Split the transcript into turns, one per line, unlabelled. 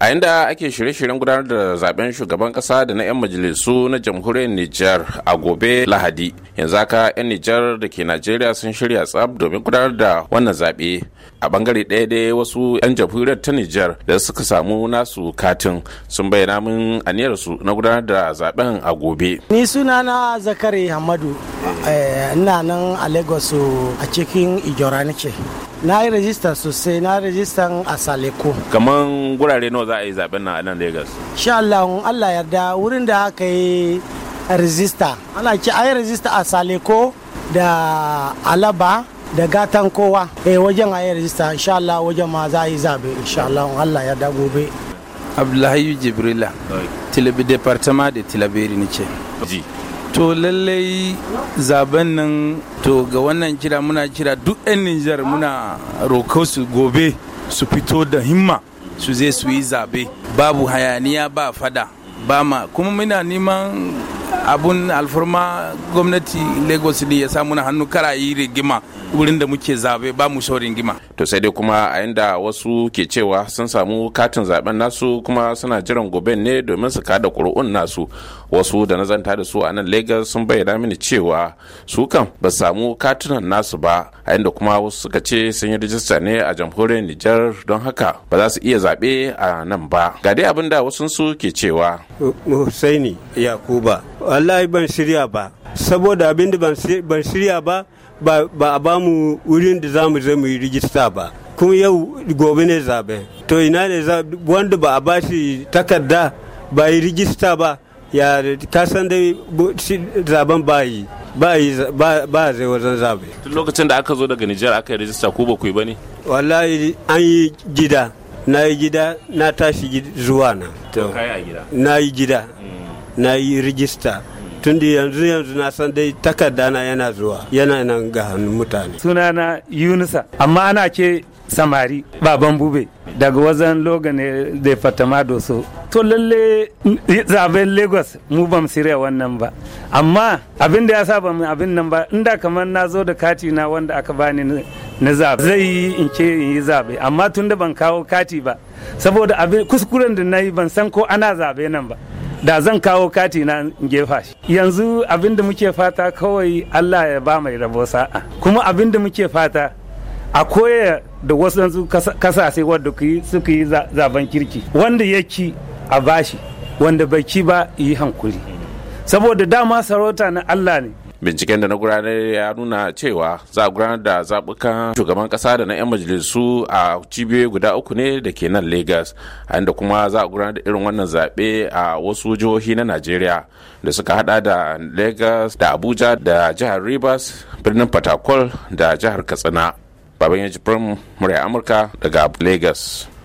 a inda ake shirye-shiryen gudanar da zaben shugaban kasa da na 'yan majalisu na jamhuriyar nijar a gobe lahadi yanzu haka 'yan nijar da ke najeriya sun shirya tsab domin gudanar da wannan zaɓe a bangare ɗaya dai wasu 'yan jamhuriyar ta nijar da suka samu nasu katin sun bayyana min aniyarsu na gudanar da zaben a gobe
ni sunana zakari hamadu eh, ina nan a lagos a cikin ijora nake na yi rajista sosai na rajistan a saleko
kaman gurare nawa za a yi zaben nan a nan Lagos.
Insha Allah Allah yarda wurin da aka yi rezista. ana ce a yi rezista a Saleko da Alaba da gatan kowa eh wajen a yi rezista insha Allah wajen ma za a yi zabe insha Allah in Allah yarda gobe.
Abdullahi Jibrila Tilabi Departement de Tilaberi ni ce. to lallai zaben nan to ga wannan kira muna kira duk 'yan nijar muna roko su gobe su fito da himma su zai su yi zabe babu hayaniya ba fada ba ma kuma muna neman abun alfarma gwamnati lagos ne ya samu na hannu kara yi rigima wurin da muke zabe ba mu shaurin rigima
to sai dai kuma a inda wasu ke cewa sun samu katin zaben nasu kuma suna jiran goben ne domin su kada ƙuri'un nasu wasu da na nazanta da su a nan lagos sun bayyana mini cewa su kan ba samu katunan nasu ba a inda kuma wasu suka ce sun yi rijista ne a jamhuriyar nijar don haka ba za su iya zaɓe a nan ba ga dai abin da wasu su ke cewa
Hussaini Yakuba wallahi ban shirya ba saboda abin da ban shirya ba ba a ba mu wurin da za mu zai mu yi rijista ba kuma yau gobe ne zabe to ina ne wanda ba a ba shi takarda ba yi rijista ba ya kasan dai zaben ba yi ba zai wajen zabe. Tun
lokacin da aka zo daga Nijar aka yi rajista ko ba ku yi ba ne?
Wallahi an yi gida, na yi gida, na tashi zuwa na. Na yi gida. na yi rijista da yanzu yanzu na san dai takarda na yana zuwa yana nan ga hannun mutane
sunana yunusa amma ana ke samari baban bube daga wajen logane da fatama doso to lalle zaben lagos mu bam shirya wannan ba amma abin da ya sa ba abin nan ba inda kamar na zo da kati na wanda aka bani na zabe zai yi in ce in yi zabe amma tun da ban kawo kati ba saboda abin kuskuren da na yi ban san ko ana zabe nan ba da zan kawo kati na gefa shi yanzu abin da muke fata kawai Allah ya ba mai rabo sa'a kuma abin da muke fata a koya da wasu kasashe wadda suka yi zaben kirki wanda ya ki a bashi wanda bai ki ba yi hankuri saboda dama sarauta na Allah ne
binciken da na gudanar ya nuna cewa za a gudanar da zaɓukan shugaban ƙasa da na 'yan majalisu a cibiyoyi guda uku ne da ke nan lagos inda kuma za a gudanar da irin wannan zaɓe a wasu jihohi na najeriya da suka hada da lagos da abuja da jihar rivers birnin patakwal da jihar katsina baban yaji murya amurka daga lagos